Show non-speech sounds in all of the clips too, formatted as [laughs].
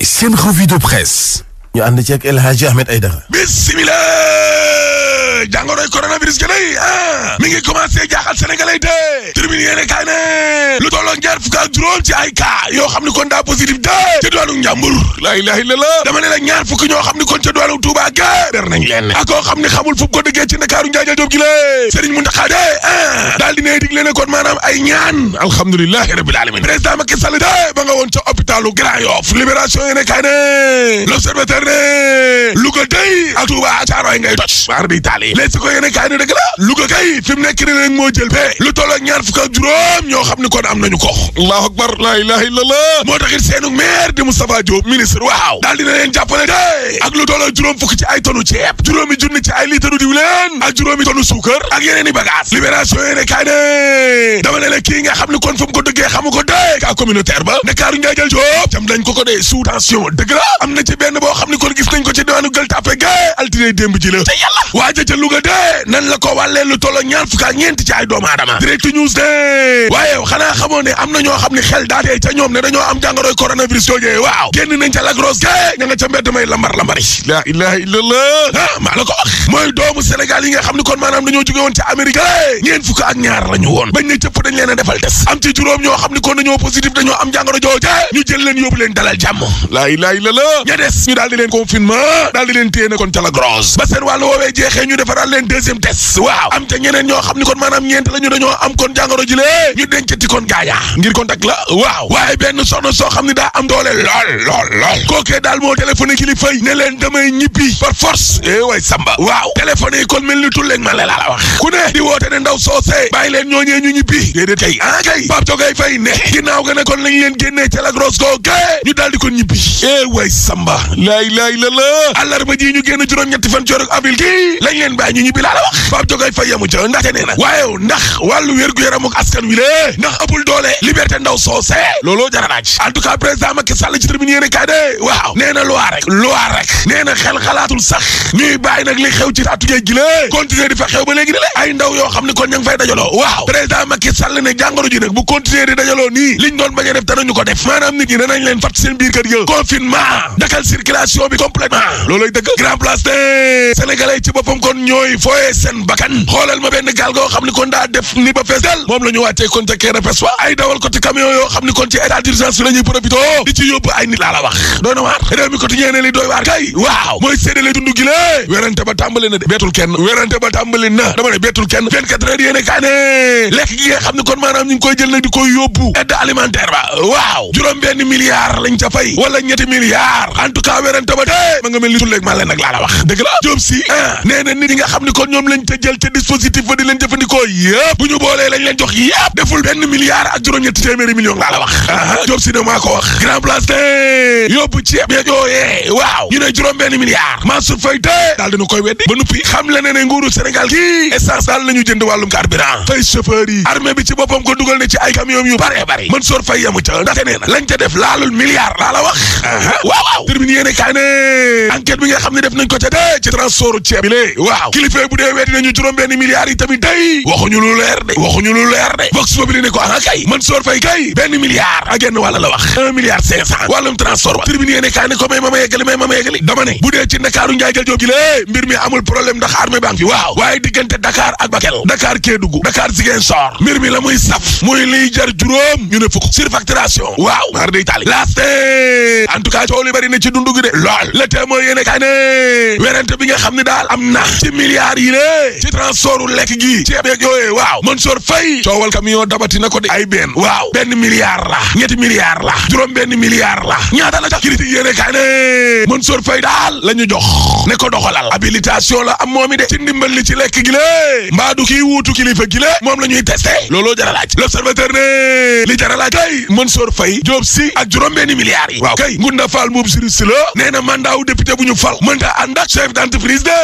et seen revue de presse. ñu ànd ci ak El Hadji Ahmed Aidara bismillah jàngoroy coronavirus gi day ah mi ngi commencé jaaxal sénégalais de tribune yéene kaay ne lu tolloo ñaar fukk ak juróom ci ay cas yoo xam ni kon daa positif de ca diwaanu Njàmbur laa ilaaha illallaah dama ne la ñaar fukk ñoo xam ni kon ca diwaanu Touba ga der nañ leen koo xam ne xamul fu mu ko dëggee ci Ndakaaru njaajal Jóob gi la Serigne Mountakha de ah daal di ne ne kon maanaam ay ñaan alhamdulilahi rabbil alamin président Macky Sall de ba nga woon Dakar de Louga day ak Touba Caaroy ngay toj waar di taali léegi si ko yéene kaay ne dëgg la Louga kay fi nekk nii moo jël lu toll ak ñaar juróom ñoo xam ni kon am nañu ko allahu akbar laa ilaha illallah moo taxit seenu maire di Moustapha Diop ministre waaw daal dina leen day ak lu toll juróom fukk ci tonu ceeb juróomi junni ci ay litre diw leen ak juróomi tonu suukar ak yeneen i bagage libération yéene kaay ne dama ne la kii nga xam ni kon fu mu ko dëggee xamu ko day xam ni kon gis nañ ko ci diwaanu ga altine démb ko wàllee lu tollo ñaar fukk xanaa xamoon ne am na ñoo xam ne xel daa ca ñoom ne dañoo am jàngoroy coronavirus joojee waaw génn nañ ca lagros ga ña ca mbedd may lambar lambari la ilaha illallah ah maa la ko mooy doomu Sénégal yi nga xam ak ñaar la ñu woon bañ ne cëpp dañ leen a defal des am ci juróom ñoo xam ni kon dañoo positif dañoo am jàngoro jooje ñu jël leen yóbbu leen dalal jàmm la ilaha illallah ña des ñu daal leen confinement daal di leen téye na kon ca la grosse ba seen wàllu ñu defaraat leen deuxième test waaw am ca ñeneen ñoo xam ni kon maanaam ñeent la ñu dañoo am kon jàngoro ji lee ñu dencati kon gaaya ngir contact la waaw waaye benn soxna soo xam ni daa am doole lool la lool kookee daal moo téléphoné kilifa yi ne leen damay ñibbi par force eh way samba waaw téléphone yi kon mel ni tul leen ma la la wax ku ne di woote ne ndaw soosee bàyyi leen ñooñee ñu ñibbi déedéet kay ah kay Pape Jogay Fay ne ginnaaw ñu daal di kon ñibbi eh way samba ilaha illallah àllarba ji ñu génn juróom-ñetti fan ci avril gi lañ leen bàyyi ñu ñibbi laa la wax Pape Diogaye Faye yamu ca ndaxte nee waaye ndax wàllu wér-gu-yaramuk askan wi lée ndax ëppul doole liberté ndaw soose looloo jara laaj en tout cas président Macky Sall ci termine yéene kaay de waaw nee na loi rek loi yoo xam ne kon ña ngi fay dajaloo waaw président Macky Sall bu continuer di dajaloo nii liñ doon bañ a def ko def maanaam nit ñi danañ leen fat seen biir kër ya confinement dakal opposition bi grand place de sénégalais yi ci boppam kon ñooy fooye seen bakkan xoolal ma benn gaal xam ni kon daa def ni ba fees moom la ñu wàccee kon ca KRPS wa ay dawal ko ci camion yoo xam ni kon ci état d'urgence bi la ñuy di ci yóbbu ay nit laa la wax doy waar réew mi quotidien ne li doy waar kay waaw mooy séddale dund gi lée werante ba tàmbali dama ne beetul kenn 24 heures yéene kaa lekk gi nga xam ni kon maanaam tëbate ma nga mel ni tulleeg maa leen nag laa la wax dëgg la Diop Sy ah nee na nit ñi nga xam ni kon ñoom lañ ca jël ca dispositif ba di leen jëfandikoo yëpp bu ñu boolee lañ leen jox yëpp deful benn milliard ak juróom-ñetti téeméeri million laa la wax ah Diop Sy ne maa ko wax grand place te yóbbu ceeb ya jooyee waaw ñu ne juróom benn milliard Mansour Faye te daal dina koy weddi ba nuppi xam le ne ne nguuru Sénégal kii essence daal la ñu jënd wàllum carburant fay la wax ah. ne enquête bi nga xam ne def nañ ko ca de ci transport ceeb bi lée waaw kilifa bu dee weeti juróom benn milliards yi tamit day waxuñu lu leer de waxuñu lu leer de vox populi ko ah kay Mansour Faye kay benn milliard ak genn wàlla la wax un milliard cinq cent transport wa tribune yéene kaa ne ko may ma ma yeggali may ma ma yeggali dama bu dee ci Ndakaaru njaay joob gi lée mbir mi amul problème ndax armée banque bi waaw waaye diggante Dakar ak Bakel la muy saf muy liy jar juróom ñu la le témoin yéen a kaay ne bi nga xam ne daal am na ci milliards yi lée ci transportu lekk gi ci beeg yooyee waaw Mansour Faye coowal camion dabati na ko de ay benn waaw benn milliard la ñetti milliard la juróom benn milliard la ñaata la ca critique yéen a kaay ne Mansour daal la ñu jox ne ko doxalal habilitation la am moomi de ci ndimbal li ci lekk gi lée mbaadu kii wuutu kilifa gi lée moom la ñuy testé looloo jaralaaj l'observateur ne li jaralaaj kay Mansour Faye Diop si ak benn milliards yi nee na mandat wu député bu ñu fal mënta ànd ak chef d'entreprise de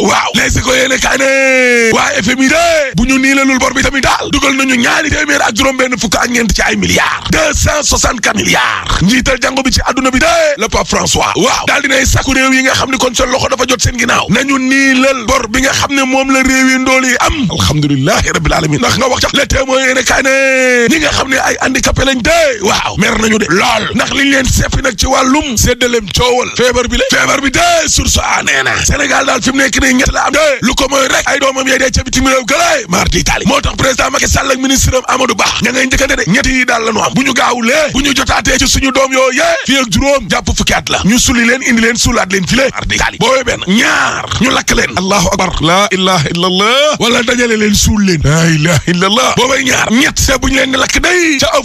waaw les ko yéene kaay ne waa FMI de bu ñu niilalul bor bi tamit daal dugal nañu ñaari téeméer ak njiital jàngo bi ci àdduna bi de le pape François waaw daal dinay sàkku réew yi nga xam ne kon seen loxo dafa jot seen ginnaaw nañu niilal bor bi nga xam ne moom la réew yi ndool am alhamdulilahi rabbil alamin ndax nga wax ca le témoin yéene kaay ne nga xam ne ay handicapé lañ de waaw mer nañu de lool ndax liñ leen seppi nag ci wàllum séddaleem coow taxawal feebar bi la feebar bi dee source a nee na Sénégal daal fi mu nekk nii ñett la am dee lu mooy rek ay doomam yey dee ca bitim réew gële mar di Italie moo tax président Macky Sall ministre am Amadou Ba ñaar ñu lakk leen allahu akbar la ilaha illallah wala dajale leen suul leen la ilaha illallah boobay ñaar ñett te bu leen lakk day ca ab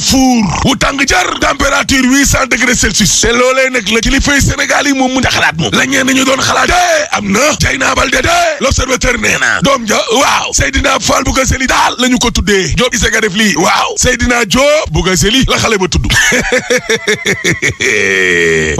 wu tàng jar température 800 degré Celsius te loolee nag la ci li fay Sénégal moom mu a xalaat moom la ñeen ñu doon xalaat dee am na Dieyna Baldé dee l'observateur nee na doom ja waaw Seydina Fall bu seli daal la ñu ko tuddee Diop Isega def lii waaw Seydina Diop bu ko seli la xale ba tudd [laughs]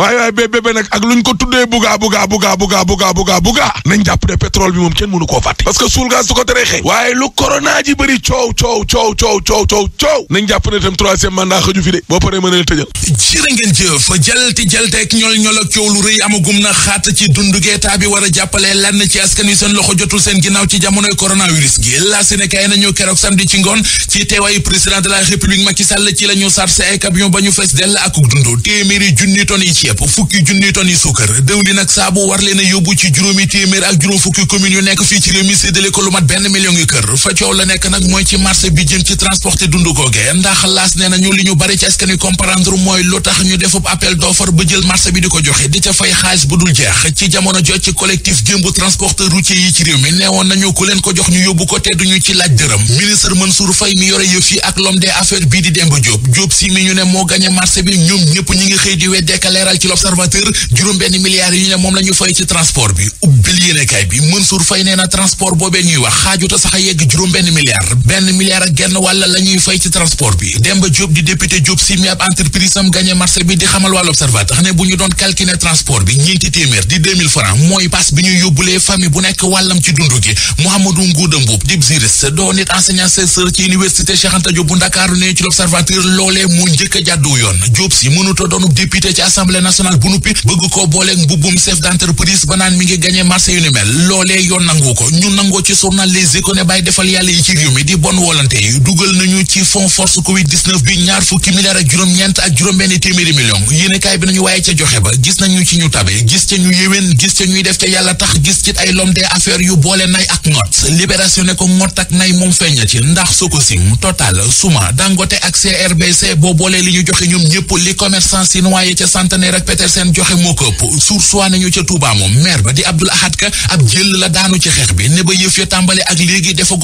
waaye waaye bee bébé nag ak luñ ko tuddee bugaa bugaa bugaa bugaa bugaa bugaa bugaa nañ jàpp ne pétrole bi moom kenn mënu koo fàtte parce que suul gaz su ko teree xëy waaye lu corona ji bëri coow coow coow coow coow coow coow nañ jàpp ne tam troisième mandat xëju fi de boo paree mën a tëjal jërë ngeen jëf jalti jalteeg ñol ñol ak coow lu rëy amagum na xaat ci dundgeetaa bi war a jàppalee lenn ci askan wi seen loxo jotul seen ginnaaw ci jamonoy coronavirus gi la Sénégal nañu keroog samedi ci ngoon ci teewaayu président de la république Macky Sall ci la ñu sarse ay camion ba ñu fees dell ak dund téeméeri junni tonnes yi ci ceeb fukki junni tonni suukar dëw di nag saabu war leen yóbbu ci juróomi téeméer ak juróom fukki commune yu nekk fii ci réew mi séddale ko lu mat benn million yu kër fa coow la nekk nag mooy ci marché bi jëm ci transporté dundu googe ndax laas nee nañu li ñu bari ci askan wi comprendre mooy lu tax ñu defub appel d'offre ba jël marché bi di ko joxe di ca fay xaalis bu dul jeex ci jamono jot ci collectif jëmbu transporteur routier yi ci réew mi neewoon nañu ku leen ko jox ñu yóbbu ko duñu ci laaj dërëm ministre Mansour Faye mi yore yëf yi ak l'homme des affaires bii di Demba Diop Diop si mi ñu ne moo gañe bi ñoom ñëpp ñi ngi xëy di weddeeka ci l'observateur juróom benn milliards yi ñu ne moom la ñu fay ci transport bi ubbil yéenekaay bi Mansour Faye nee na transport boobee ñuy wax xaajuta sax a yegg juróom benn milliard benn milliard ak genn wàll la ñuy fay ci transport bi Demba Diop di député Diop si mi ab entreprise am gagné marché bi di xamal waa l'observateur ne bu ñu doon calculer transport bi ñeenti téeméer di 2000 francs mooy pass bi ñuy yóbbulee famille bu nekk wàllam ci dund gi Mouhamadou assemblée nationale bu nuppi bëgg koo booleeg mbubbum chef d'entreprise ba naan mi ngi gagné marché yu ni mel loolee yoon nangu ko ñu nangoo ci journal Les ne bàyyi defal yàlla yi ci réew mi di bon wolante yi dugal nañu ci fonds force covid 19 bi ñaar fukki million yéenekaay bi nañu waaye ca joxe ba gis nañu ci ñu tabe gis ca ñu yéwén gis ca ñuy def ca yàlla tax gis ci ay lom des affaires yu boole nay ak ngot libération ne ko ngot ak nay moom feeña ci ndax Sococim Total Diagne ak Petersen joxe la daanu ci xeex bi ne ba yëf ya tàmbale ak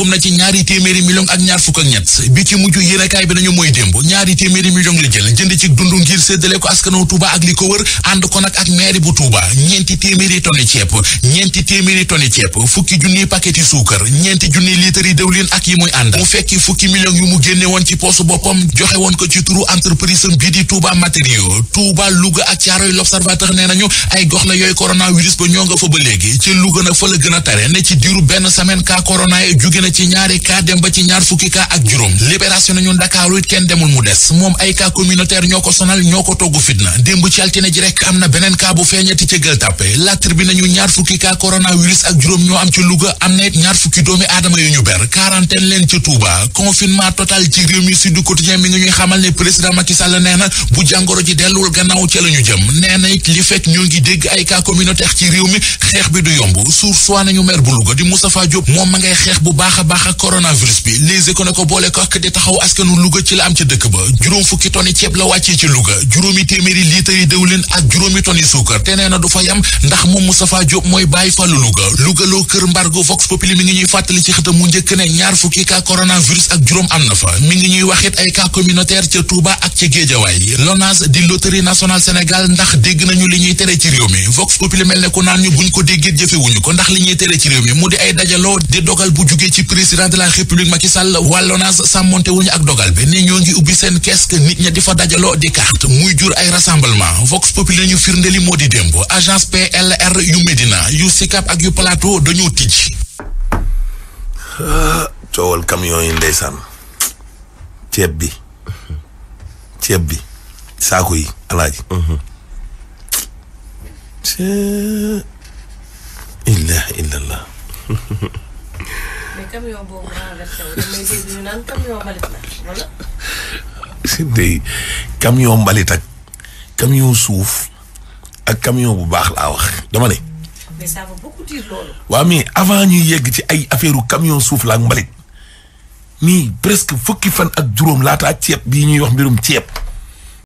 na ci ñaari téeméeri million ak ñaar fukk ak bi ci mujj yéenekaay bi nañu mooy démb ñaari téeméeri million la jël jënd ci dund ngir séddale ko askanaw Touba ak li ko wër ànd ko nag ak maire bu Touba ñeenti téeméeri tonni ceeb ñeenti téeméeri tonni ceeb fukki junniy paquet yi suukar ñeenti junniy litre yi dëwlin ak yi muy ànd mu fekki fukki million yu mu génne woon ci poosu boppam joxe woon ko ci turu entreprise am di Touba matériaux Touba Louga ak caaroy l'observateur nee nañu ay gox la yooyu coronavirus ba ñoo nga fa ba léegi ci Louga nag fa la gën a tare ne ci diiru benn semaine cas corona yi jóge na ci ñaari cas dem ba ci ñaar fukki cas ak juróom libération nañu Ndakaaru it kenn demul mu des moom ay cas communautaire ñoo ko sonal ñoo ko togg fitna démb ci altine ji rek am na beneen cas bu feeñati ci Gueule Tapée La Tribune nañu ñaar fukki cas coronavirus ak juróom ñoo am ci Louga am na ñaar fukki doomi aadama yu ñu ber quarantaine leen ci Touba confinement total ci réew mi Sud Quotidien xamal ne nee na bu jàngoro ji delluwul gannaaw ca lañu jëm nee na it li fekk ñoo ngi dégg ay cas communautaire ci réew mi xeex bi du yomb suuf soit nañu maire bu Louga di Moustapha Diop moom ma ngay xeex bu baax a baax ak coronavirus bi les école ko boole ko ak di taxaw askanu Louga ci la am ca dëkk ba juróom fukki toni ceeb la wàccee ci Louga juróomi téeméeri litre yi dëwlin ak juróomi toni suukar te nee na du fa yam ndax moom Moustapha Diop mooy bàyyi fa lu Louga Louga loo kër mbargo Vox Populi mi ngi ñuy fàttali ci xëtam mu njëkk ne ñaar fukki cas coronavirus ak juróom am na ngi ñuy waxit ay cas communautaire ca Touba ak ca Guédiawaye LONASE di loterie nationale Sénégal Sénégal ndax dégg nañu li ñuy tere ci réew mi Vox Populi mel ne ko naan ni buñ ko déggee jëfewuñu ko ndax li ñuy tere ci réew mi mu di ay dajaloo di dogal bu jugee ci président de la république Macky Sall wàllonaas sàmmonte wuñu ak dogal bi ne ñoo ngi ubbi seen kees nit ña di fa dajaloo di carte muy jur ay rassemblement Vox Populi ñu firndeli moo di démb agence PLR yu Médina yu Sicap ak yu Plateau dañoo tijj. Ah, coowal camion yi ndeysaan ceeb bi mhm. ceeb bi. saako yi alaaji. Mhm. ilaha illallah. mais camion mbalit ak camion suuf ak camion bu baax laa wax dama ne. mais ça avant ñuy yegg ci ay affaireu camion suuf la ak mbalit nii presque fukki fan ak juróom laataa ceeb bii ñuy wax mbirum ceeb.